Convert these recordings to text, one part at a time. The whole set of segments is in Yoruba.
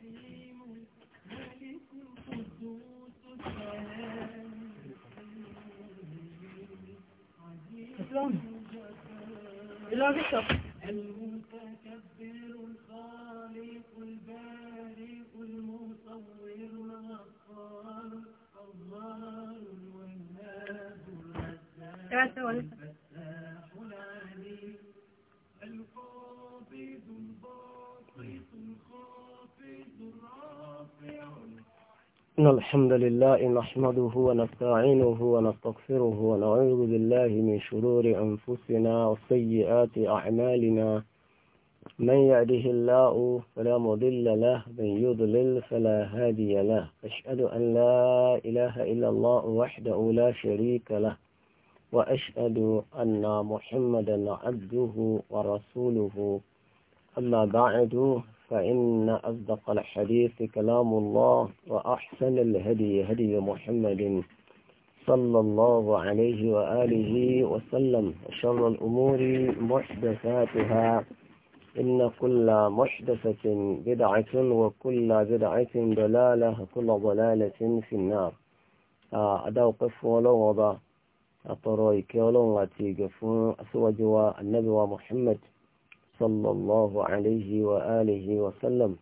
المتكبر الخالق البارئ المصور الغفار الله الوهاب الرزاق إن الحمد لله نحمده ونستعينه ونستغفره ونعوذ بالله من شرور أنفسنا وسيئات أعمالنا من يعده الله فلا مضل له من يضلل فلا هادي له أشهد أن لا إله إلا الله وحده لا شريك له وأشهد أن محمدا عبده ورسوله أما بعد فإن أصدق الحديث كلام الله وأحسن الهدي هدي محمد صلى الله عليه وآله وسلم وشر الأمور محدثاتها إن كل محدثة بدعة وكل بدعة ضلالة وكل ضلالة في النار قف ولوضة أطرويك ولوضة فون أسوجوا النبي محمد sallallahu alayhi wa alihi wa sallam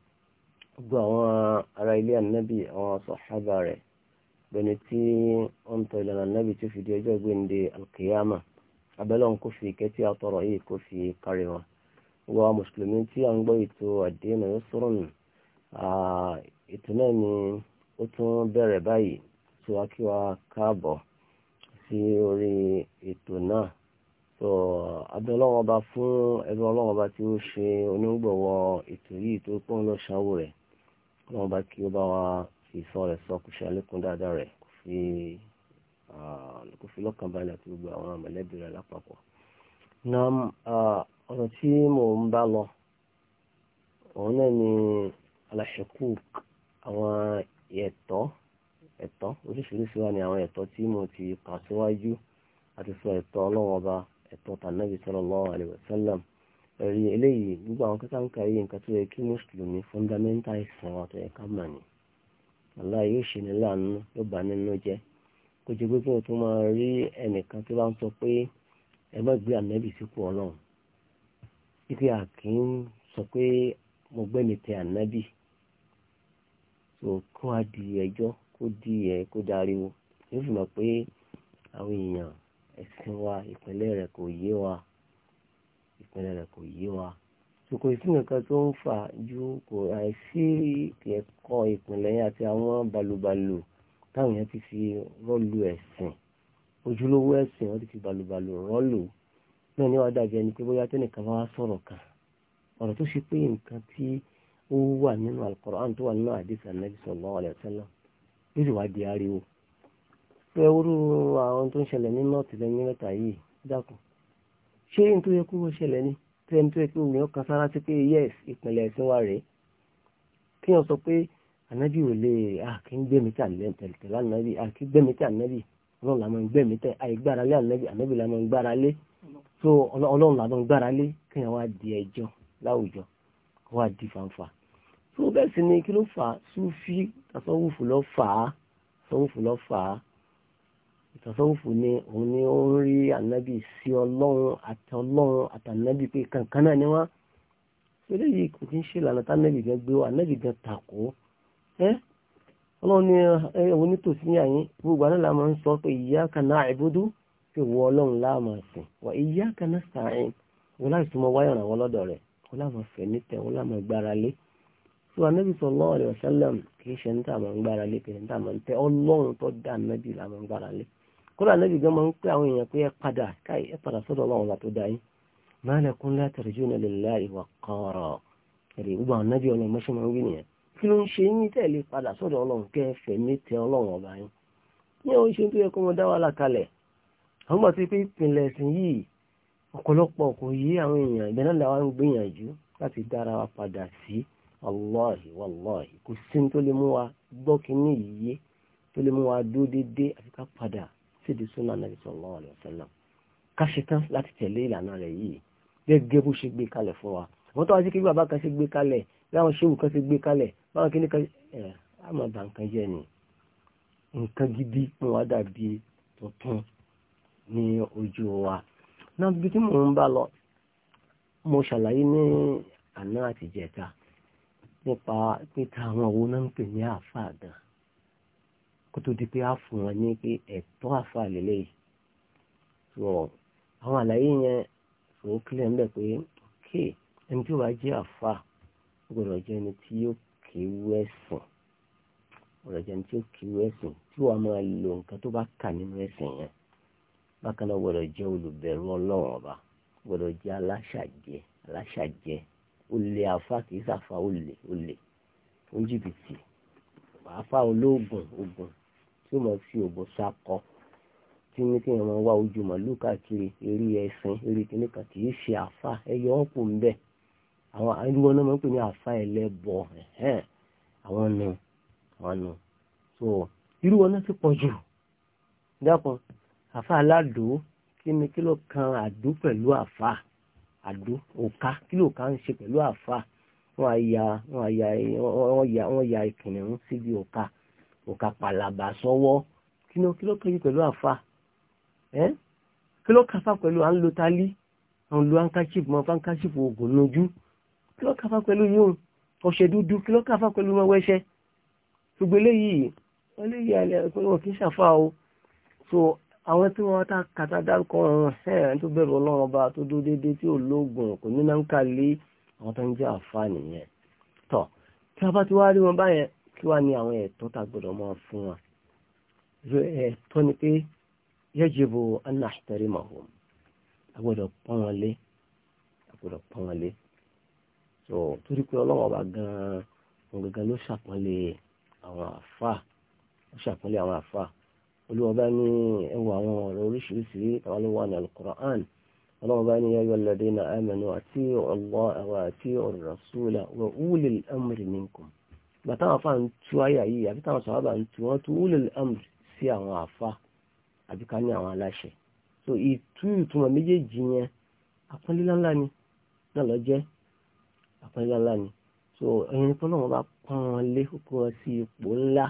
gbogbo àwọn ará ilé ànábì àwọn sọ̀hábà rẹ̀ bẹni tí wọ́n tọ́ ìlànà ànábì tó fi di ọjọ́ gbẹ̀ǹde alkiyama abẹ́lẹ́ wọn kò fi kẹ́tí àtọ̀rọ̀ yìí kò fi kárí wọn. gbogbo àwọn mùsùlùmí tí a ń gbọ́ ètò àdéhùn ẹ̀yọ́ sọ̀rọ̀ nù ètò náà ni ó tún bẹ̀rẹ̀ báyìí tí wàá kí wa káàbọ̀ sí orí ètò náà so abẹ́ ọlọ́wọ́ ọba fún ẹbí ọlọ́wọ́ ọba tí ó ṣe onígbọ̀wọ́ ètò yìí tó pọ́n lọ ṣáwó rẹ̀ ọlọ́wọ́ ọba kí ó bá wa fi sọ rẹ̀ sọ kò ṣe àlékún dáadáa rẹ̀ kò fi kò fi lọ́kàn balẹ̀ àti gbogbo àwọn mọ̀lẹ́bí rẹ̀ lápapọ̀. na ọ̀rọ̀ tí mò ń bá lọ òun náà ni aláṣẹkù àwọn ẹ̀tọ́ ẹ̀tọ́ oríṣiríṣi wà ní àwọn ẹ̀tọ́ tí mo ti kà síwájú àti sọ ẹ̀tọ́ ọlọ́wọ́ ọba ẹ̀tọ́ tànàbí sallallahu alaihi ẹ̀rí eléyìí gbogbo àwọn kẹta ń ka yìí nǹkan tó yẹ kí mùsùlùmí fọ́ndámẹ́ntà ìsìn wa tó yẹ ká mà ní Allah yóò ṣe ní láàánú yóò bá nínú jẹ́ kó jẹ́ pé kí wọ́n tó máa rí ẹnìkan tó sọ pé ẹ má gbé ànábì sípò ọlọ́run títí a kó dariwo yóò fi mọ̀ pé àwọn èèyàn ẹ̀sìn wa ìpínlẹ̀ rẹ̀ kò yé wa ìpínlẹ̀ rẹ̀ kò yé wa sòkò ìsìnkú kan tó ń fà ju kò àìsí ẹ̀kọ́ ìpínlẹ̀ yẹn àti àwọn balùbalù táwọn yẹn ti fi rọ́ọ̀lù ẹ̀sìn ojúlówó ẹ̀sìn wọn ti fi balùbalù rọ́ọ̀lù náà ní wàá dàbí ẹni pé bóyá tẹnìkan bá wá sọ̀rọ̀ kan ọ̀rọ̀ tó ṣe pé nǹkan tí ó wà nínú Al-Qur'an tó wà nínú àdìsàn Nabi sallallahu alaihi wasallam ló sì wá di ariwo tó ẹwúrú àwọn tó ń ṣẹlẹ̀ ní nọ́ọ̀tì lẹ́yìn mẹ́ta yìí dákun ṣé n tó yẹ kó wọ́n ṣẹlẹ̀ ní tẹ́ni tó yẹ kó wọ́n kan sára sí pé yes ìpìlẹ̀ ẹ̀sìn wa rèé kí wọ́n sọ pé ànábì ò lè àkí ń gbẹ̀mí tẹ̀ tẹ̀lé ànábì àkí gbẹ̀mí tẹ̀ ànábì ọlọ́run làwọn gbẹ̀mí tẹ̀ àìgbára lé ànábì ànábì làwọn gbára lé so ọlọ́run làwọn gbára lé kéèyàn wá di ẹjọ́ láwùjọ wá di fanfa so bẹ́ẹ̀ sì ni kí ló fà á súfì tasọ́wùfù ló fà á tasọ́wùfù ló fà á ìtọ́sọ́wọ́fù ni òun ni ó ń rí ànábì sí ọlọ́run àti ọlọ́run àtànábì pé kankan náà ni wọ́n ṣẹlẹ̀ yìí kò kí ń ṣe ìlànà tánábì gan gbé wa ànábì gan tàkó ẹ́ ọlọ́run ni ẹ̀wọ̀n onítòsí ní àyín gbogbo àná la máa ń sọ pé iyyaka na'budu pé wọ ọlọ́run la máa sìn wa iyyaka nasta'in wọn láì súnmọ́ wáyà ràn wọ́n lọ́dọ̀ rẹ̀ wọn láwọn fẹ̀ nítẹ̀ wọn láwọn gbára lé tí wọn anábì sallallahu alaihi wasallam kì í ṣe ní tàwọn gbára lé kì í ṣe ní tàwọn tẹ ọlọ́run tó dá anábì làwọn gbára lé. kódà níbi gan máa ń pé àwọn èèyàn pé ẹ padà káì ẹ padà sọ́dọ̀ ọlọ́run ọba tó ma yín máa lẹkùn látàrí jù náà lè la ìwà kọ̀ọ̀rọ̀ ẹ̀rẹ̀ gbogbo àwọn nábì ọlọ́run mọ́ṣẹ́ máa ń wí nìyẹn kí ló ń ṣe yín tẹ̀lé padà sọ́dọ̀ ọlọ́run kẹ́ ẹ tẹ ọlọ́run ọba yín ní àwọn iṣẹ́ tó yẹ kó dá wàhálà kalẹ̀ àwọn pé ìpìlẹ̀ ẹ̀sìn yìí ọ̀pọ̀lọpọ̀ kò yí wa padà sí kò sí tó sídi súnà nàbì sallallahu alaihi wasallam ká ṣe tán láti tẹ̀lé ìlànà rẹ̀ yìí gẹ́gẹ́ bó ṣe gbé kalẹ̀ fún wa wọ́n tó wá sí kí bàbá kan ṣe gbé kalẹ̀ láwọn ṣéwù kan ṣe gbé kalẹ̀ báwọn kí ní kan ẹ̀ á máa nǹkan jẹ́ ni nǹkan gidi pín wá dàbí tuntun ní ojú wa náà bí tí mò ń bá lọ mo ṣàlàyé ní àná àtìjẹta nípa pé táwọn owó náà ń pè ní àáfàá gan-an kó tó di pé á fún wọn ní pé ẹ̀tọ́ àfa lélẹ̀ yìí tó àwọn àlàyé yẹn tó kílẹ̀ ń bẹ̀ pé kí ẹni tí ó bá jẹ́ àfa gbọ́dọ̀ jẹ́ ẹni tí yóò kéwú ẹ̀sìn gbọ́dọ̀ jẹ́ ẹni tí yóò kéwú ẹ̀sìn tí wàá máa lo nǹkan tó bá kà nínú ẹ̀sìn yẹn bákan náà gbọ́dọ̀ jẹ́ olùbẹ̀rù ọlọ́run ọba gbọ́dọ̀ jẹ́ aláṣàjẹ́ aláṣàjẹ́ olè àfa kìí sàfa olè olè ó àfa olóògùn ogun tí ó máa fi òbò sakọ tí ní kí èèyàn máa wá ojú màálù káàkiri eré ẹsìn eré kíní kan kì í ṣe àfa ẹyọ ọ̀pọ̀ ń bẹ̀ àwọn irúgbọ́n náà máa ń pè ní àfa ẹlẹ́bọ àwọn nù àwọn nù so irúgbọ́n náà ti pọ̀ jù dákun àfa aládò kí ni kí ló kan àdó pẹ̀lú àfa àdó òka kí ló kan ń ṣe pẹ̀lú àfa wọ́n á ya wọ́n á ya wọ́n ya ìkìnnìún síbi òka òkà pàlàbà sọ́wọ́ kí ló kí ló kàn yí pẹ̀lú àfa ẹ́ kí ló kàfà pẹ̀lú à ń lo talí à ń lo handkerchief mọ́ handkerchief oògùn lójú kí ló kàfà pẹ̀lú yóò ọṣẹ dúdú kí ló kàfà pẹ̀lú ọmọ ẹṣẹ gbogbo eléyìí eléyìí alẹ́ wọn kì ṣàfà o so àwọn tí wọ́n ta kàtà dárúkọ wọn ẹ̀ẹ́n tó bẹ̀rù ọlọ́run ọba tó dó déédéé tí ò lóògùn kò ní náà ń kà lé àwọn tó ń jẹ́ àfa nìyẹn tọ́ tí a ti wá rí wọn báyẹn kí wá ní àwọn ẹ̀tọ́ tá gbọ́dọ̀ máa fún wa ẹ̀tọ́ ni pé yajibu an nahtarimahum a pọ́n wọn lé a pọ́n wọn lé so torí pé ọlọ́wọ́n bá gan-an òun gangan ló ṣàpọ́nlé àwọn àfà ó ṣàpọ́nlé àwọn àfà olúwa bá ní ẹwà àwọn ọ̀rọ̀ oríṣiríṣi àwọn ló wà ní al-Qur'an ọlọ́wọ́n bá ní ya ayyuhal ladina amanu ati'u Allah wa ati'u ar-rasula wa ulil amri minkum bàtà àwọn afa ń tú àyà yìí àbí táwọn sàhábà ń tú wọn tú ulul amr sí ká ní àwọn aláṣẹ so ìtú ìtumọ̀ méjèèjì yẹn àpọ́nlélánlá ni náà lọ jẹ́ àpọ́nlélánlá ni so ẹyin tó lọ́wọ́ bá pọ́n wọn lé kókó wọn sí ipò ńlá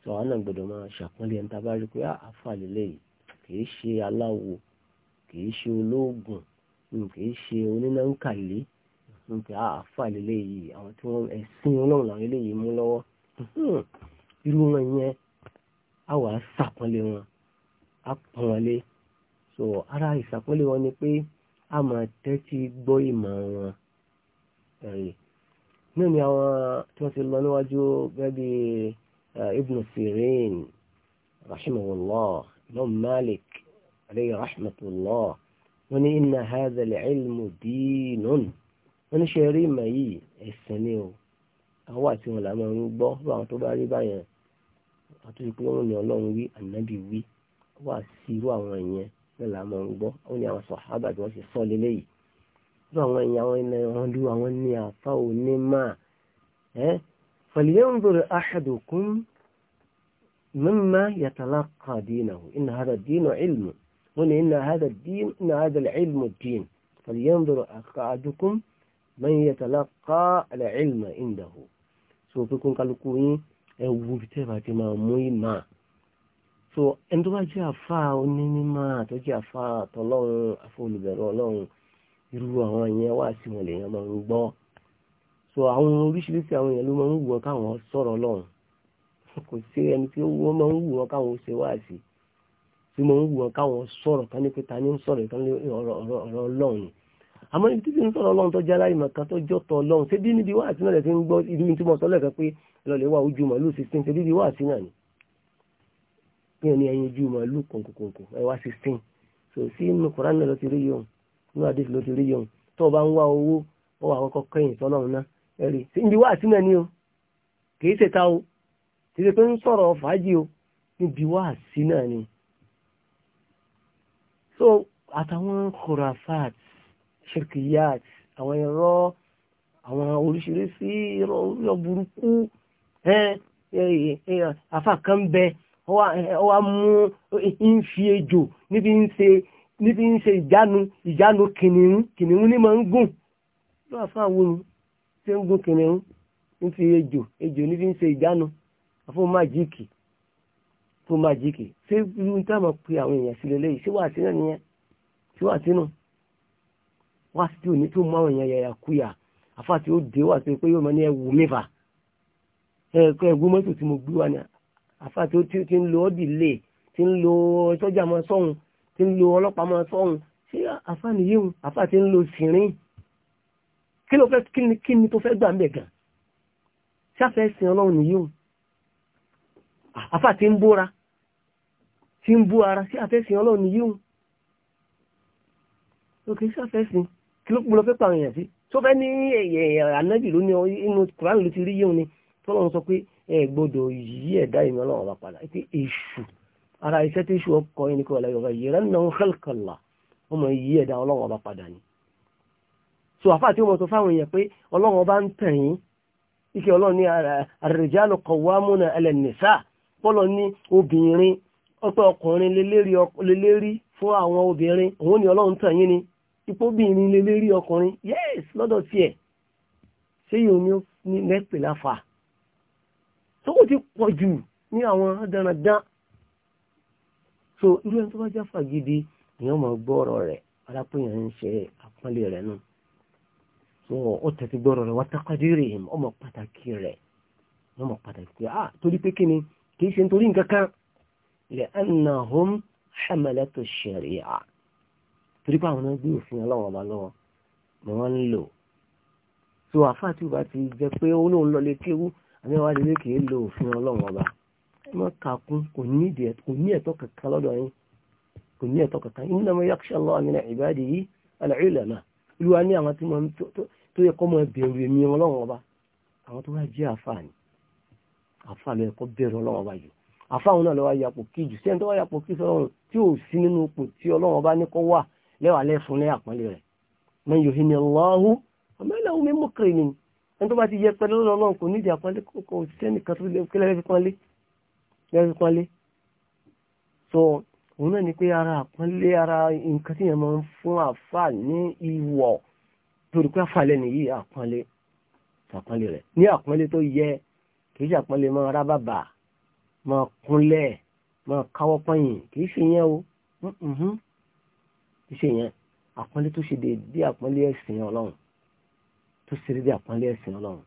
so àwọn náà gbọ́dọ̀ máa ṣàpọ́nlé ẹni tá a bá rí pé àfa ah, lélẹ́yìí kìí ṣe aláwo kìí ṣe olóògùn kìí ṣe onínàǹkàlẹ́ ń pè àáfà ah, lélẹ́yìí àwọn tí wọ́n ẹ̀sìn ọlọ́run làwọn eléyìí mú lọ́wọ́ hmm, irú wọn yẹn á wàá sàpọ́nlé wọn á pọ́n wọn lé so ara ìsàpọ́nlé wọn ni pé a máa tẹ́tí gbọ́ ìmọ̀ wọn ẹ̀rì náà ni àwọn tí wọ́n ti lọ níwájú gẹ́gẹ́ eh, Ibn Sirin rahimahullah Imam Malik alayhi rahmatullah wọ́n ní inna hadha al-ilmu dinun. wọ́n ní ṣe rí ìmọ̀ yìí ẹ̀sìn ni o àwọn àti wọn làwọn ń gbọ́ bá àwọn tó bá rí báyẹn àti pé wọ́n ní ọlọ́run wí ànábì wí wà sí irú àwọn ìyẹn náà làwọn ń gbọ́ ó ní àwọn sàhábà tí wọ́n ti sọ irú àwọn àwọn wọn àwọn ní àfa máa dinahu inna hadha ad ilmu wọ́n ní inna hadha man yatalaqqa al-ilma indahu so pé kó so ẹni tó bá jẹ́ ọ onímọ̀ tó jẹ́ àfa àtọ́lọ́run àfọlùbẹ̀rọ ọlọ́run irú àwọn ìyẹn wà sí wọn lèèyàn máa ń gbọ́ so àwọn oríṣiríṣi àwọn èèyàn ló máa ń wù wọn káwọn sọ̀rọ̀ ọlọ́run kò sí ẹni tí ta ni àmọ́ ibi títí ń sọ̀rọ̀ ọlọ́run tó jẹ́ aláìmọ̀ kan tó jọ́ tọ̀ ọlọ́run ṣé bí níbi wá àti náà lẹ̀ ti ń gbọ́ irú tí mo sọ lẹ́ẹ̀kan pé lọ́lẹ̀ wà ojú màálù sixteen ṣé bíbi wá àti náà ni kí ni ẹyin ojú màálù kòǹkòǹkò ẹ wá sixteen so sí inú koran náà ló ti rí yòun inú àdéhùn ló ti rí yòun tó o bá ń wá owó ó wà kọ́kọ́ kẹ́yìn sọ́lọ́run náà ẹ ni o kì í ṣe ta o kì í ṣe pé ń ni so àtàwọn khurafat ṣirkiyat àwọn irọ́ àwọn oríṣiríṣi irọ́ irọ́ burúkú afa kan bẹ ọwá mú ń fi ejò níbi ń ṣe níbi ń ìjánu ìjánu kìnìún kìnìún ní máa ń gùn ló àfa wo ni ṣé ń gùn kìnìún ń fi ejò ejò níbi ń ṣe ìjánu àfọ májíìkì fún májíìkì ṣé irú táwọn pe àwọn èèyàn sílẹ̀ lẹ́yìn ṣé wàá sínú nìyẹn ṣé wàá sínú wá sí òní tó mú àwọn èèyàn yàyà kúyà àfa tí ó dé wà sí pé yóò mọ ní ẹwù mẹ́fà ẹ̀kọ́ ẹ̀gbọ́n mọ́tò tí mo gbé wá ní àfa tí ó ti ń lo ọ́dì lè ti ń lo sọ́jà mọ́ sọ́hun ti ń lo ọlọ́pàá mọ́ sọ́hun ṣé àfa nìyíhun àfa ti ń lo sìnrín kí ni tó fẹ́ gbà ń bẹ̀ gan ṣáfẹ́ sin ọlọ́run nìyíhun àfa ti ń bóra ti ń bó ara sí àfẹ́sìn ọlọ́run nìyíhun òkè ṣáfẹ́ sin kí ló gbọ́dọ̀ fẹ́ pa àwọn èèyàn sí tó fẹ́ ní ànábì ló ní inú Quran ló ti rí yéun ni tọ́lọ́run sọ pé ẹ gbọ́dọ̀ yí ẹ̀dá ìmí ọlọ́run bá padà pé èṣù ara iṣẹ́ tí èṣù ọkọ̀ yìí ni kò lẹ́yìn ọba yìí rẹ̀ náà khalqallah wọ́n mọ̀ yí ẹ̀dá ọlọ́run bá padà ni. so àfáà tí wọ́n sọ fáwọn èèyàn pé ọlọ́run bá ń tẹ̀yìn ike ọlọ́run ní ar-rijalu qawwamuna 'ala an-nisa pọ́lọ́ ní obìnrin ọpẹ́ ọkùnrin lélẹ́rí fún àwọn obìnrin òun ni ọlọ́run tẹ̀yìn ni ipóbìnrin lè lérí ọkùnrin yes lọ́dọ̀ sí ẹ̀ ṣé yóò ní lẹ́pẹ̀ láfa tó kò ti pọ̀ jù ní àwọn dandan so irú ẹni tó bá jáfà gidi èèyàn máa gbọ́ ọ̀rọ̀ rẹ̀ alápèyàn ń ṣe àpọ́nlé rẹ̀ nù so ó tẹ̀sí gbọ́ ọ̀rọ̀ rẹ̀ wá takadéré ọmọ pàtàkì rẹ̀ ọmọ pàtàkì ah torí pé kí ni kì í ṣe nítorí nǹkan kan lẹ́ẹ̀nà hom hamalatu sharia torí pé àwọn náà gbé òfin ọlọ́wọ́ ọba lọ́wọ́ ni wọ́n ń lò so àfáà tí ó bá ti jẹ pé ó lóun lọ lé kéwú àmì wá lè kì í lo òfin ọlọ́wọ́ ọba ẹ má kàkún kò ní ẹ̀tọ́ kankan lọ́dọ̀ yín kò ní ẹ̀tọ́ kankan inú náà mo yakhsha Allah min ibadihi al-ulama olúwa ní àwọn tí wọ́n tó yẹ kọ́ mọ bẹ̀rù èmi ọlọ́wọ́ ọba àwọn tó wá ni àfáà lẹ́wàá lẹ́fún ní àpọ́nlé rẹ̀ man yuhini Allahu wa ma lahu min mukrimin ẹni tó bá ti yẹ pẹ̀lú ọlọ́run kò nídìí àpọ́nlé kò sẹ́nìkan tó kílẹ̀ fi pọ́nlé lẹ́fi ni pé ara àpọ́nlé ara rẹ̀ ní àpọ́nlé tó yẹ kì ṣe àpọ́nlé máa rábàbà máa kúnlẹ̀ máa káwọ́ pọ́yìn kì ṣe yẹn o iṣẹ́ yẹn àpọ́nlé tó ṣe déédé àpọ́nlé ẹ̀sìn ọlọ́run tó ṣe déédé àpọ́nlé ẹ̀sìn ọlọ́run.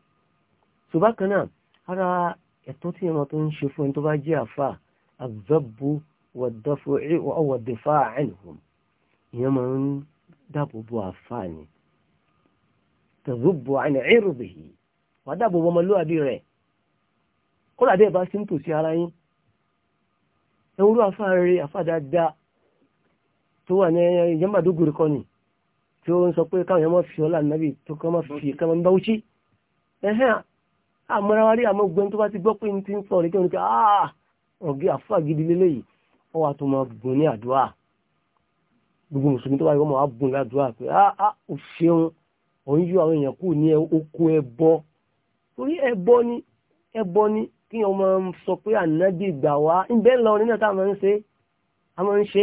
tó bá kan náà ara ẹ̀tọ́ tí ìran tó ń ṣe fún ẹni tó bá jẹ́ àfa àgbẹ̀bù wọ̀dẹ̀fà ẹ̀nìhùn ìyẹn máa ń dáàbò bo àfa ni tẹ̀gbọ́bọ̀ àìní yìí wà dáàbò bo ọmọlúwàbí rẹ̀ kó làdé ìbá sí ń ara yín ẹwúrú àfa rere àfa dáadáa tó wà ní ìyẹn Maiduguri kọ́ ni tí ó ń sọ pé káwọn yẹn mọ́ fi ọlá nàbì tó kọ́ mọ́ fi kọ́ mọ́ ń bá wúchí ẹ̀hẹ́n àmọ́rawárí àmọ́ gbẹ́ni tó bá ti gbọ́ pé ní ti ń sọ rẹ̀ kí wọ́n ti ọ̀gẹ́ àfúà gidi lélẹ́yìí wọ́n wá tó máa bùn ní àdúrà gbogbo mùsùlùmí tó wáyé wọ́n máa bùn ládùúrà pé áá ò ṣeun òun kí wọ́n sọ pé ànábì wá ń bẹ́ẹ̀ lọ nínú táwọn máa ń ṣe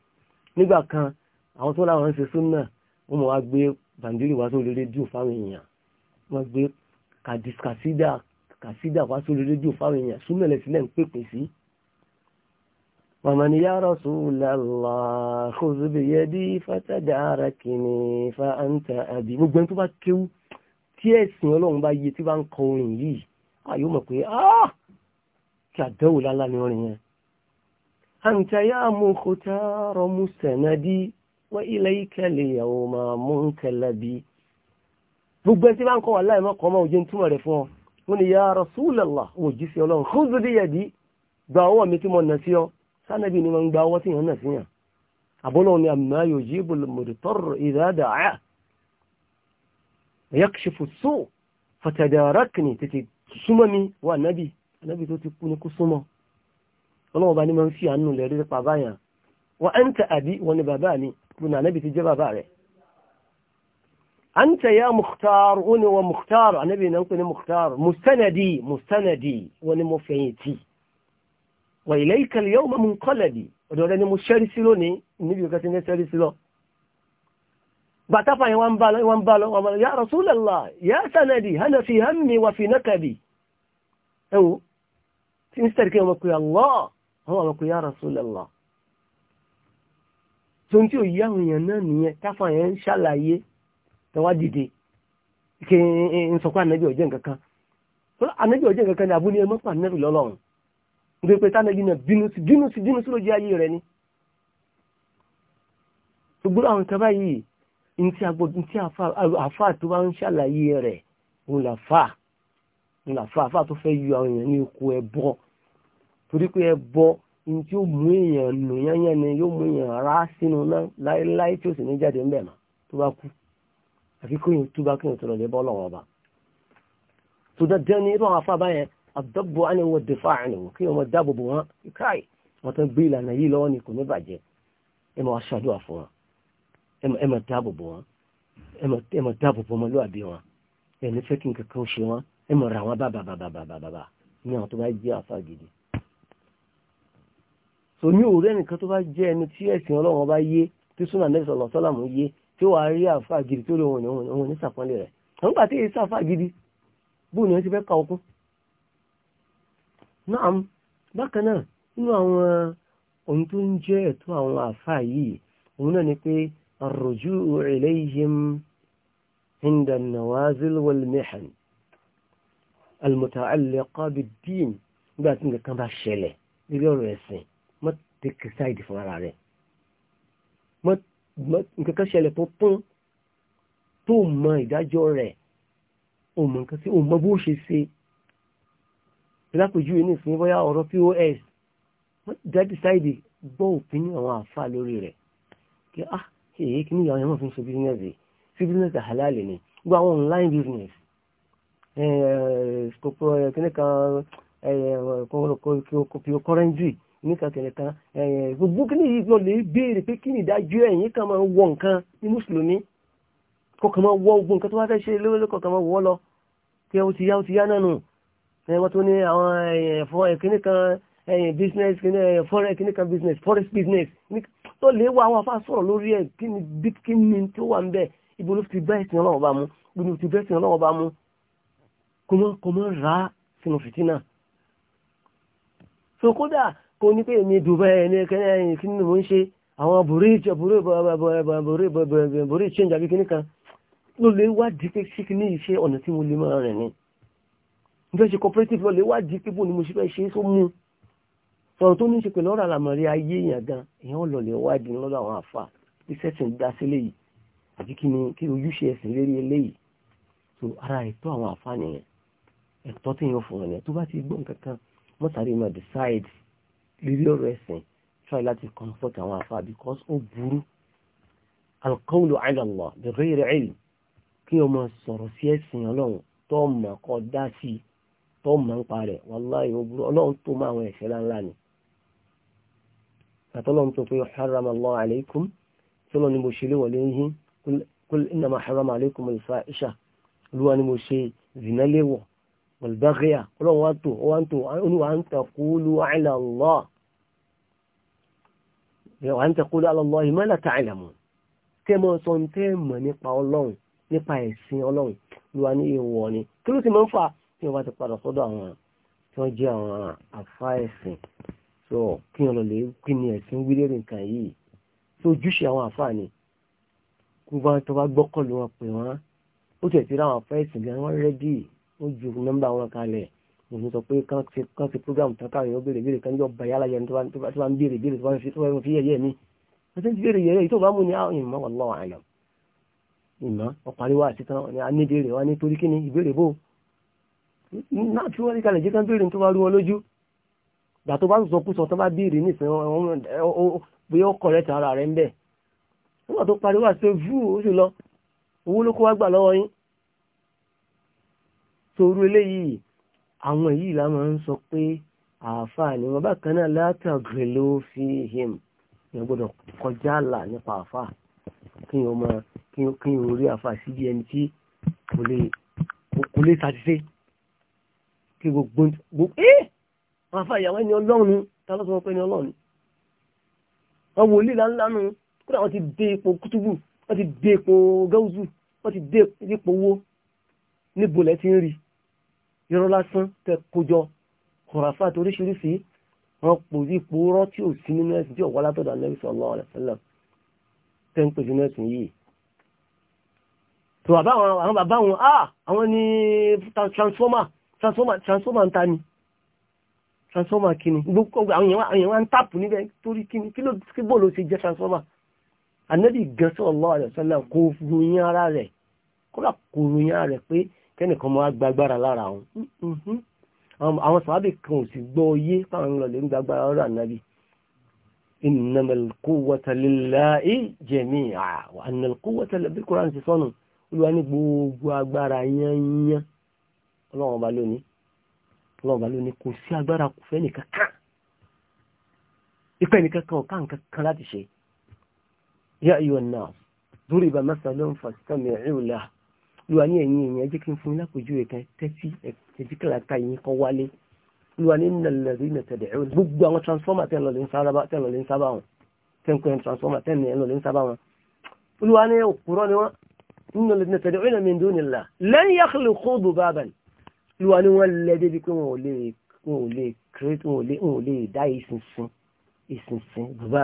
nígbà kan àwọn tó láwọn ń ṣe súnà wọ́n mọ̀ wá gbé bàndírì wá sórí rédíò fáwọn èèyàn wọ́n gbé kàdíkàsídà kàsídà wá sórí rédíò fáwọn èèyàn súnà lẹ́sílẹ̀ ń pèpè sí. ومن يا رسول الله خذ بيدي فتداركني فأنت أبي gbogbo ẹni tó bá kéwú tí ẹ̀sìn ọlọ́run bá yé tí bá ń kọ orin yìí a yóò mọ̀ pé ah kí àdánwò lálá ni orin yẹn أنت يا مختار مستندي وإليك اليوم منكلبي gbogbo ẹni tí bá ń kọ́ wà láì mọ́kọ́ ọmọ òjò ń túmọ̀ rẹ̀ fún ọ wọn ni ya Rasulullah òjì sí ọlọ́run khudh bi yadi gba ọwọ́ mi tí mo nà sí ọ sanabi ni wọ́n ń gba ọwọ́ tí yàn nà sí yàn àbọ́lọ́ ni amma yujibul mudtarr idha da'ah yakshifu su' fatadarakni tètè súnmọ́ mi wà nábì nábì tó ti kú ni kú súnmọ́ ọlọ́wọ́ bá ní máa ń fi àánú lẹ̀ rí pa báyàn wọ́n á ń tẹ àbí wọn ni mo n fi aanu leri pa bayan won a n te abi won ni baba ni mo nà anábì ti jẹ́ bàbá rẹ̀ à ń tẹ ya mukhtar ó ní wọn mukhtar anábì náà ń pè ní mukhtar mustanadi mustanadi wọn ni mo fẹ̀yìn tì wà ilẹ̀ ìkẹlẹ̀ yóò máa mú kọ́lẹ̀dì ọ̀dọ̀ rẹ ni mo ṣẹ́rí sí lónìí níbi ìkẹsí ní ṣẹ́rí sí lọ bàtàfà yẹn wọn bá lọ wọn bá lọ wọn bá lọ ya Rasulullah ya sanadi hana fi hammi wa fi nakabi ẹwọ tí ń sẹ́rí wọn pe Allah wọ́n wà lọ́kọ̀ ya Rasulullah tó ń tí ò yí àwọn èèyàn náà nìyẹn káfà yẹn ń ṣàlàyé tẹwàá dìde kí n sọ pé ànábì ọ̀jẹ́ nǹkan kan ànábì ọ̀jẹ́ nǹkan kan ni àbúni ẹmọ́ pà nẹ́rù lọ́lọ́run nítorí pé tánàbí náà bínú sí bínú sí bínú sí lójú ayé rẹ ni gbogbo àwọn kan báyìí ntí agbọ́dún tó bá ń ṣàlàyé rẹ̀ ń làfà ń làfà àfà tó fẹ́ yọ àwọn èèyàn ní oko ẹbọ torí pé ẹbọ ní tí ó mú èèyàn nù yányán ni yóò mú èèyàn rá sínú náà láéláé tí ó sì ní jáde ńbẹ̀ mà tó bá kú àfi kó yẹn túbá kí yẹn tó lọ lè bọ́ lọ́wọ́ ọba tó dáadáa ní irú àwọn afábá yẹn àdọ́bù ánìwò dèfà ànìwò kí wọ́n dáàbò bò wọ́n káì wọ́n tán gbé ìlànà yìí lọ́wọ́ ni kò ní bàjẹ́ ẹ máa ṣàdúrà fún wọn ẹ máa dáàbò bò wọn ẹ máa dáàbò bò ọmọlúwàbí wọn ẹ ní fẹ́ kí nǹkan kan ṣe wọn ẹ máa ra wọn bàbàbàbàbàbà ní àwọn tó bá jẹ́ àfa gidi tò ní òwúrẹ́ nìkan tó bá jẹ́ ẹni tí ẹ̀sìn ọlọ́run bá yé tí súnà nẹ́bí sọ̀lọ̀ sọ́làmù yé tí wàá rí àfa gidi tó lè wọn òun ní sàpọ́nlé rẹ̀ àwọn tí èyí sàfa gidi bóun ni wọ́n ti fẹ́ ka okun. náà bákan náà nínú àwọn ohun tó ń jẹ́ ẹ̀tọ́ àwọn àfa yìí òun náà ni pé àròjú ilayhim hinda nawazil wal mihan almutaalliqa bid nígbà tí nǹkan bá ṣẹlẹ̀ nílé ọ̀rọ̀ ẹ̀sìn take side fún ara rẹ̀ nǹkan kan ṣẹlẹ̀ tó pọ́n tó mọ ìdájọ́ rẹ̀ o mọ nǹkan sí o mọ bó ṣe ṣe lápèjúwe ní ìsinmi bóyá ọ̀rọ̀ pos jáde sáìdì gbọ́ òfin ní àwọn àfà lórí rẹ̀ kí á èyí kí ni, ìyàwó ẹ̀mọ́ fi ń ṣe bísínẹ́sì sí bísínẹ́sì àhàlálẹ̀ ni gbọ́ àwọn online business kòkòrò kíní kan cryptocurrency oníkàkẹ̀rẹ̀ kan gbogbo kí ni yìí lọ lè béèrè pé kí ni ìdájọ́ ẹ̀yìn kan máa wọ nǹkan ní mùsùlùmí kọkàn máa wọ ogun nǹkan tó wá fẹ́ ṣe lówó lọ́kọ̀ọ̀kan máa wọ́ lọ kí ó ti yá ó ti yá náà nù tó ní àwọn ẹ̀fọ́ ẹ̀kíní kan business forex kíní kan business forex business tó lè wọ àwọn afá sọ̀rọ̀ lórí ẹ̀ kí ni kí ni tó wà ń bẹ̀ ibo ló ti bẹ́ ẹ̀sìn ọlọ́wọ́ bá mu ibo ló ra sínú fìtínà so kódà kó ní pé èmi Dubai ẹni kẹ́ni kí ni mò ń ṣe àwọn bùrí change àbí kíní kan ló lè wádìí pé sí kí ní iṣẹ́ ọ̀nà tí mo lè máa rìn ní nígbà ṣe cooperative lọ lè wádìí pé bò ní mo ṣe fẹ́ ṣe é só mú sọ̀rọ̀ tó ní ṣe pẹ̀lú ọ̀rọ̀ àlàmọ̀rí ayé èèyàn gan èèyàn lọ lè wádìí lọ́dọ̀ àwọn àfà iṣẹ́ tí ń dá sí léyìí àbí kí ni kí ojúṣe ẹ̀sìn lérí eléyìí so ara ètò àwọn àfà nìyẹn ẹ̀tọ́ tí èèyàn fún wọn nìyẹn tó bá ti gbọ́ nǹkan kan mọ́tàrí máa decide lórí ọ̀rọ̀ ẹ̀sìn try láti comfort àwọn àfa because ó burú alqawlu ala Allah bi ghayri ilm kí o máa sọ̀rọ̀ sí ẹ̀sìn ọlọ́run tó mọ̀ kọ́ dá sí i tó mọ̀ ń parẹ̀ wallahi ó burú ọlọ́run tó mọ àwọn ẹ̀ṣẹ̀ láńlá ni. àtọ́lọ́run tó pé haram Allah alaykum tọ́lọ́ ni mo ṣe lé wọlé yín kul innama haram alaykum al-fahisha olúwa ni mo ṣe zìnà wọ̀lùbáríà ọlọ́run wá tó wá tó olúwa ń tàkúlù ala Allah wà ń tàkúlù ala Allah ma la ta'lamun tẹ́mọ̀ sọ ń tẹ́mọ̀ nípa ọlọ́run nípa ẹ̀sìn ọlọ́run ló wà ní ìwọ̀ ni kí ló sì máa ń fa tí wọ́n bá ti padà sọ́dọ̀ àwọn tí wọ́n jẹ́ àwọn àfa ẹ̀sìn tó kí wọ́n lọ lè kí ni ẹ̀sìn wílé nǹkan yìí tó ojúṣe àwọn àfa ni kí tó bá gbọ́kànlé wọn pè wọ́n ó tẹ̀ ó ju nọ́mbà wọn kalẹ̀ òun sọ pé kán ti kán ti program tán káwọn èèyàn béèrè béèrè kán jọ bàyá láyé ẹni tó bá ń béèrè béèrè tó bá ń fi yẹ̀yẹ́ mi ah, wọ́n ti ń béèrè yẹ̀yẹ́ yìí tó ni àwọn ìmọ̀ wọn lọ́wọ́ àlọ́ ìmọ̀ ọ̀parí wa àti tán ní ìbéèrè wa ní torí kíni ìbéèrè bò náà tí wọ́n rí kalẹ̀ jẹ́ kán béèrè tó bá rú wọn lójú gbà tó bá sọ kú sọ tán bá béèrè nísìnyí bóyá ó kọ̀rẹ́ tààrà rẹ̀ ń bẹ̀ nígbà tó parí wa ṣe ó sì lọ owó ló kó wá gbà lọ́wọ́ yín torú eléyìí àwọn yìí la máa ń sọ pé àáfàá ni wọn bákan náà látàgbé ló fi him yẹn gbọ́dọ̀ kọjá àlà nípa àáfàá kí n ọmọ kí n orí àáfàá síbi ẹni tí kò lè kò lè tàṣìṣe kí gbogbo gbogbo ẹ eh! àáfàá ìyàwó ẹni ọlọ́run ta ló sọ pé ẹni ọlọ́run wọn wò líla ńlá nu kódà wọn ti dé ipò kútùbù wọn ti dé ipò gáúsù wọn ti dé ipò owó níbo lẹ́ ti ń rí irọ́ lásán tẹ kójọ kọ̀ràfà tó oríṣiríṣi wọn pò sí ipò rọ́ tí ò sí nínú ẹ̀sìn tí ò wá látọ̀dọ̀ Ànábì sallallahu alaihi wasallam tẹ́ ń pè nínú ẹ̀sìn yìí tó àbá àwọn bàbá wọn ah àwọn ni transformer transformer transformer ń ta ni transformer kí ni gbogbo àwọn èèyàn wá ń tàpù níbẹ̀ torí kí ni kí ló kí bò ló ṣe jẹ́ transformer Ànábì gan sallallahu alaihi wasallam kò ròyìn ara rẹ̀ kọ́lá kò ròyìn ara rẹ̀ pé kẹ́nìkan mọ́ agbágbára lára mm-hmm. àwọn àwọn sàábì kan ò sì gbọ́ oyé fáwọn lọ lè ń gbàgbára ọ̀rọ̀ ànábì innamal quwwata lillahi jami'a wa annal quwwata bí Kùránì ti sọ́nù olúwa ní gbogbo agbára yányán ọlọ́run ọba lónìí ọlọ́run ọba lónìí kò sí agbára kò fẹ́ nìkan kan ìpẹ́ nìkan kan ọ̀ká nǹkan kan láti ṣe yá iyọ̀ náà olúwa ní ẹ̀yìn èèyàn jẹ́ kí n fún yín lápòjú ẹ̀ka tẹ́tí ẹ̀jẹ̀kìlàkà yín kọ́ wálé olúwa ní nàlẹ́rì nàtẹ̀dẹ̀ ẹ̀rọ gbogbo àwọn transformer tẹ́ ń lọ lè ń sábà wọn tẹ́ ń kọ́ ẹ̀ transformer tẹ́ ń ń sábà wọn olúwa ní òpùrọ́ ni wọ́n nínú lè nàtẹ̀dẹ̀ ẹ̀rọ mi dùn nílà lẹ́yìn yàkùlù kó dùn bàbá ni olúwa ní wọ́n lẹ́ débi pé wọn ò lè wọn ò lè create wọn ò lè wọn ò lè dá ìsinsin ìsinsin bùbá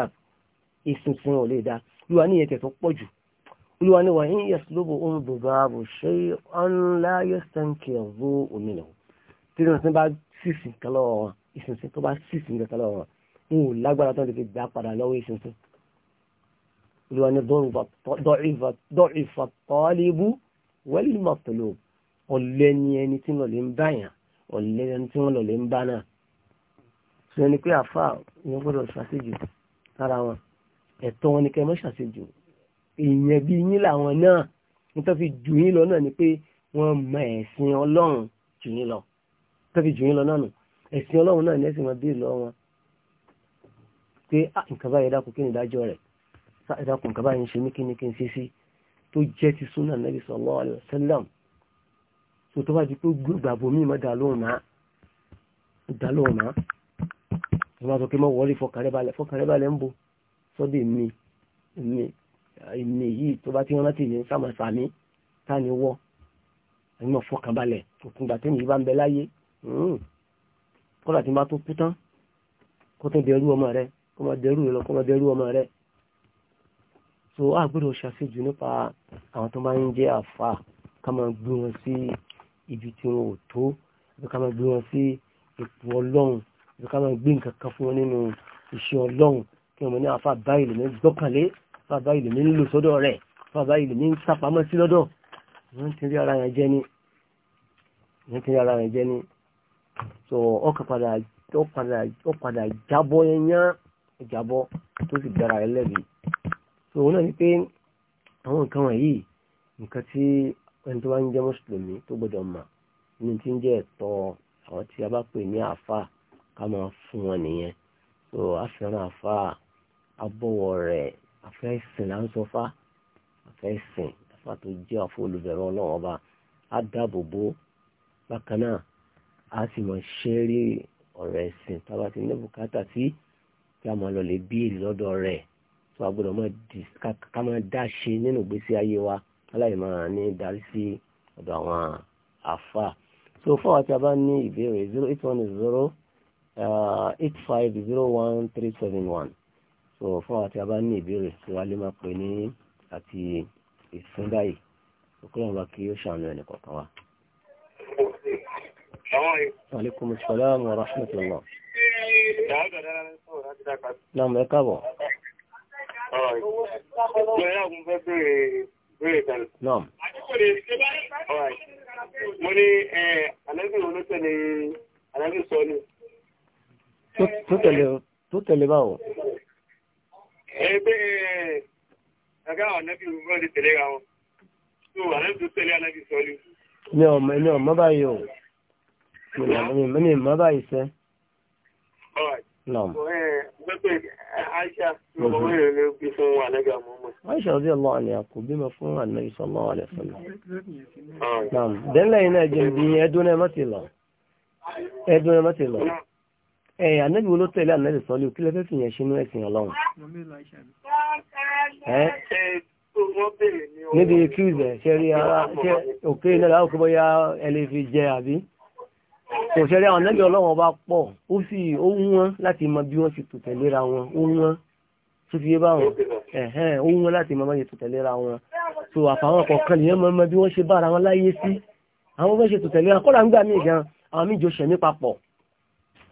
ìsinsin ò lè dá olúwa ní ìyẹn tó pọ̀ jù olúwa ni wàhíń yẹsùlóbò ohun bùbá bò ṣe ọ̀nlá yẹsẹ̀ǹkì ọ̀vọ́ òmìnà tí wọ́n ti bá sísìn kálọ̀ wọn ìsinsin tó bá sísìn kálọ̀ wọn ń wò lágbára tó ń fi gbà padà lọ́wọ́ ìsinsin olúwa ni dọ́ìfà tọ́lébù wẹ́lì mọ̀tòló ọ̀lẹ́ ni ẹni tí wọ́n lè ń bá yàn ọ̀lẹ́ ni ẹni tí wọ́n lè ń bá náà sọ ni pé àfa ìyẹn gbọ́dọ̀ ṣàṣejù èèyàn bí yín làwọn náà ní tó fi jù yín lọ náà ni pé wọ́n mọ ẹ̀sìn ọlọ́run jù yín lọ tó fi jù yín lọ náà nù ẹ̀sìn ọlọ́run náà ní ẹ̀sìn wọn bí lọ wọn pé ah, nǹkan báyìí dákun kí ni ìdájọ́ rẹ̀ dákun nǹkan báyìí ń ṣe mí kí ni kí n ṣe sí tó jẹ́ ti súnà Nabi sallallahu alaihi wasallam tó tó bá di pé gbàgbọ́ mi máa dà lóhùn máa dà lóhùn máa wọ́n máa sọ pé mọ́ wọlé fọkànlẹ́balẹ̀ fọkànlẹ́balẹ̀ ń bo sọ́dọ̀ èmi èmi ìní yìí tó bá ti rántí ní sàmàsàmí táni wọ́ ẹni mọ̀ fọkànbalẹ̀ òkúngbà tẹ́mi yìí bá ń bẹ láyé kọ́lá tí máa tó kú tán kó tó dẹrú ọmọ rẹ kó máa dẹrú rẹ lọ kó máa dẹrú ọmọ rẹ so a gbọ́dọ̀ ṣàṣejù nípa àwọn tó máa ń jẹ́ àfa ká máa gbé wọn sí ibi tí wọn ò tó àbí ká máa gbé wọn sí ipò ọlọ́run àbí ká máa gbé nǹkan kan fún wọn nínú iṣẹ́ ọlọ́run kí wọn ní àfa báyìí lè ní gbọ́kànlé bàbá ilẹ̀ mi ń lò sọ́dọ̀ rẹ̀ bàbá ilẹ̀ mi ń sápamọ́ sí lọ́dọ̀ wọ́n ti rí ara yẹn jẹ́ ní wọ́n ti rí ara yẹn jẹ́ ní so ọkà padà ó padà jábọ́ yẹnyán ìjábọ́ tó sì dára rẹ̀ lẹ́bi so òun náà ni pé àwọn nǹkan wọ̀nyí nǹkan tí ẹni tó bá ń jẹ́ mùsùlùmí tó gbọ́dọ̀ mà ní ti ń jẹ́ ẹ̀tọ́ àwọn tí a bá pè ní àáfà ká máa fún wọn nìyẹn so àfihàn àáfà abọ́wọ̀ rẹ̀ afẹ́ sìn là ń sọ fá afẹ́ sìn afá tó jẹ́ àfọ olùbẹ̀rẹ̀ ọlọ́run ọba á dáàbò bò bákan náà á sì mọ ṣẹ́rí ọ̀rọ̀ ẹ̀sìn tábà ti ní bùkátà sí kí a máa lọ lè bíìlì lọ́dọ̀ rẹ̀ tó a gbọ́dọ̀ ká máa dá ṣe nínú ìgbésí ayé wa aláì máa ní darí sí ọ̀dọ̀ àwọn àfà so fáwọn tí a bá ní ìbéèrè zero eight one zero uh, eight five zero one three seven one so fún àti abá ní ìbéèrè tí wàá lè máa pè ní àti ìsún báyìí òkúrò wa kí ó ṣàánú ẹnì kọ̀ọ̀kan wa. aleykum salaam wa rahmatulah. naam ẹ káàbọ̀. naam. mo ní alábí wo ló tẹ̀lé alábí sọ ni. tó tẹ̀lé báwo. ebe ẹ̀ẹ́dàgá ànábì wọ́n ti tẹ̀lé ra wọn tó ànábì tó tẹ̀lé ànábì sọ́ọ́lù. mi ò mọ mi ò mọ báyìí o mi ò mọ báyìí sẹ́. Eh, Aisha mhm. radi Allah anha kò bímọ na Ànábì sallallahu alaihi wasallam. Naam, dẹ́lẹ̀ iná jẹ́ bí ẹdún ẹ ẹ anabi wo ló tẹ̀lé anabi sọlẹ o kí lẹ fẹ́ fi yẹn ṣínú ẹ̀sìn Ọlọ́run. níbi cruise ẹ ṣe rí ara ṣe òkè náà láwọn kí bóyá ẹ lè fi jẹ àbí kò ṣe rí àwọn anabi Ọlọ́run ọba pọ̀ ó sì ó wú wọn láti mọ bí wọ́n ti tò tẹ̀léra wọn ó wú wọn tó fi yé báwọn ẹ̀hẹ́n ó wú wọn láti mọ bí wọ́n ti tò tẹ̀léra wọn tó àfàwọn kọ̀ọ̀kan nìyẹn mọ bí wọ́n ṣe bára wọn láyé sí àwọn bẹ́ẹ̀ ṣe tò tẹ̀léra kọ́ra ń gbà mí gan àwọn míjọ ṣẹ̀mí papọ̀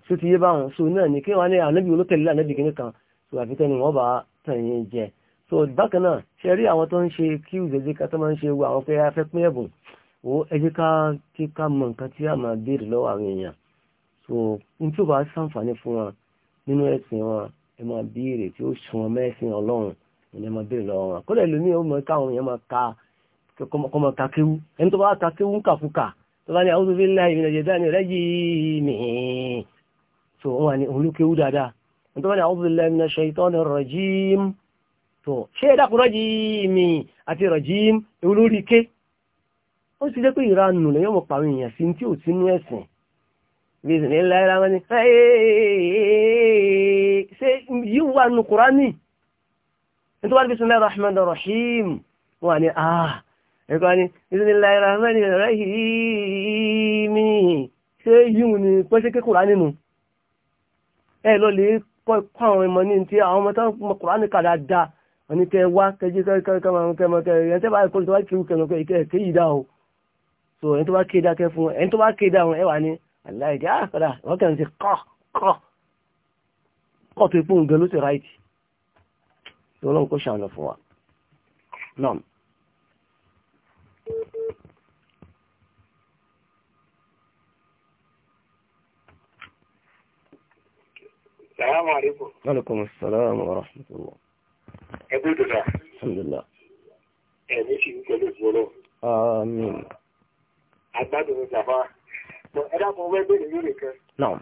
só ti yé báwọn so náà ni kí wọ́n ní ànábì olótẹ̀lẹ́ ànábì kìíní kan so àfikẹ́ ni wọ́n bá tẹ̀yìn jẹ so bákan náà ṣe rí àwọn tó ń ṣe kí ìzẹ̀jẹ̀ ká tó máa ń ṣe wo àwọn pé a fẹ́ pín ẹ̀bùn wo ẹjẹ́ ká mọ nǹkan tí a máa béèrè lọ́wọ́ àwọn èèyàn so n tí ó bá ṣàǹfààní fún wọn nínú ẹ̀sìn wọn ẹ máa béèrè tí ó sùn wọn mẹ́sìn ọlọ́run ẹni máa béèrè lọ́wọ́ wọn kódà ìlú ní ọmọ káwọn èèyàn máa ka kọ́ máa ka kéwú ẹni tó bá ka kéwú kàkúkà tó bá ní àwọn tó fi ń láyé so ó wà ní òun ló kéwú dáadáa nítorí wọn ni a'udhu billahi minash shaitani rajim tó ṣé ẹ dákun rajimi àti rajim ewu lórí ké ó sì jẹ́ pé ìranù lẹ́yìn ọmọ pàrọ̀ èèyàn sí tí ò sínú ẹ̀sìn bí ìsìn ilẹ̀ ara wọn ni ṣe yíò wà nù kúránì nítorí wọn bí sinmi rahman rahim wọn ni ah ẹ̀kọ́ ni ìsìn ilẹ̀ ara wọn ni rahimi ṣe yíò ní pẹ́ṣẹ́kẹ́ kúránì nù ẹ lọ lè kọ́ àwọn ọmọ ní ti àwọn ọmọ táwọn ọmọ kùránì kàdá da wọn ni kẹ wá kẹjẹ kẹmọkẹmọkẹ ẹni tẹ bá kọ́ ní tó bá kéwù kẹmọkẹ ìkẹ ẹkẹ yìí dá o so ẹni tó bá kéda kẹ fún ẹni tó bá kéda ẹ wà ní aláìdí àkàdá wọn kàn ti kọ́ kọ́ kọ́ tó ipò nǹkan ló ti ráìtì tó lọ́n kó ṣàánú fún wa. Nam. Salamu alaikum. Wa alaikum assalam wa rahmatullah. Ẹ kú dùdà. Alhamdulillah. Ẹ̀mí fi ń pẹ̀lú ìfọ́lọ́. Àmín. Àgbàdùn ìjàmbá. Ẹ dákun ọgbẹ́ bèrè lórí kan. Náà.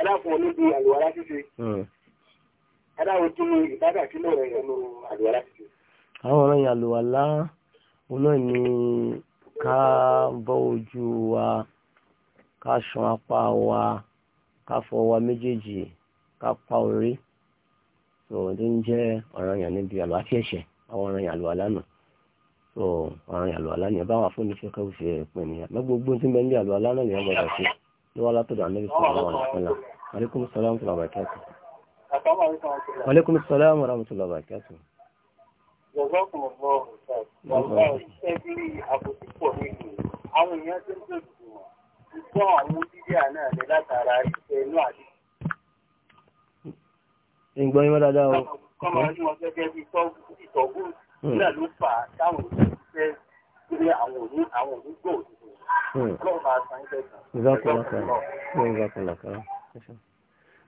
Ẹ dákun olóbi àlùwárá ṣíṣe. Hmm. Ẹ dákun tí ìbádà tí lọ́rọ̀ ẹ̀ lọ àlùwárá ṣíṣe. Àwọn ọ̀rọ̀ yẹn àlùwàlá olóyìn ni ká bọ́ ojú wa, ká ṣan apá wa ká fọwọ́ méjèèjì ká pa orí so tó ń jẹ́ ọ̀ranyàn níbi àlọ́ àti ẹ̀ṣẹ̀ àwọn ọ̀ranyàn àlọ́ àlánà so ọ̀ranyàn àlọ́ àlánà bá wà fún oníṣẹ́ kẹ́wù ṣe pè ní àná gbogbo tí bẹ́ẹ̀ ní àlọ́ àlánà lè gbọdọ̀ sí lọ́wọ́ látọ̀dọ̀ ànábì sọ̀rọ̀ àwọn àlọ́ alaikum salaam wa rahmatullahi wa barakatuh. alaikum salaam wa rahmatullahi wa barakatuh. jọ̀gbọ́n fún àwọn dídíà náà ní látara ìfẹ́ inú àdé. ìgbọ́n yín mọ́ dáadáa o. kọ́mọ ní wọn gẹ́gẹ́ bí ìtọ́gù hmm. náà ló fà á táwọn ìfẹ́ sílé àwọn òní àwọn òní gbò òdìbò. Hmm. ọlọ́run máa san ìfẹ́ kan. ìzákùnlákàrà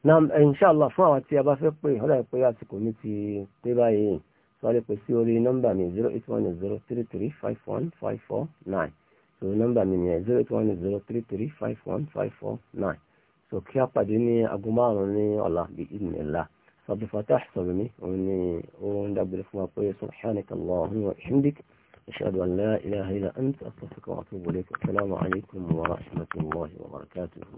naam inshallah fún àwọn tí a bá fẹ́ pè ọ́dà pé àsìkò mi ti dé báyìí sọ́ọ́ lè pè sí orí nọ́mbà mi zero eight one zero three three five one five four nine so nọ́mbà mi nìyẹn zero eight one zero three three five one five four nine so kí a pàdé ní aago márùn-ún ní ọ̀la bí ìdìnnìlá abdulfatah sọ̀rọ̀mí òun ni ó ń dábìrì fún wa pé subhanaka allahumma wa bihamdik ashhadu an la ilaha illa anta astaghfiruka wa atubu ilayk assalamu alaykum wa rahmatullahi wa barakatuh.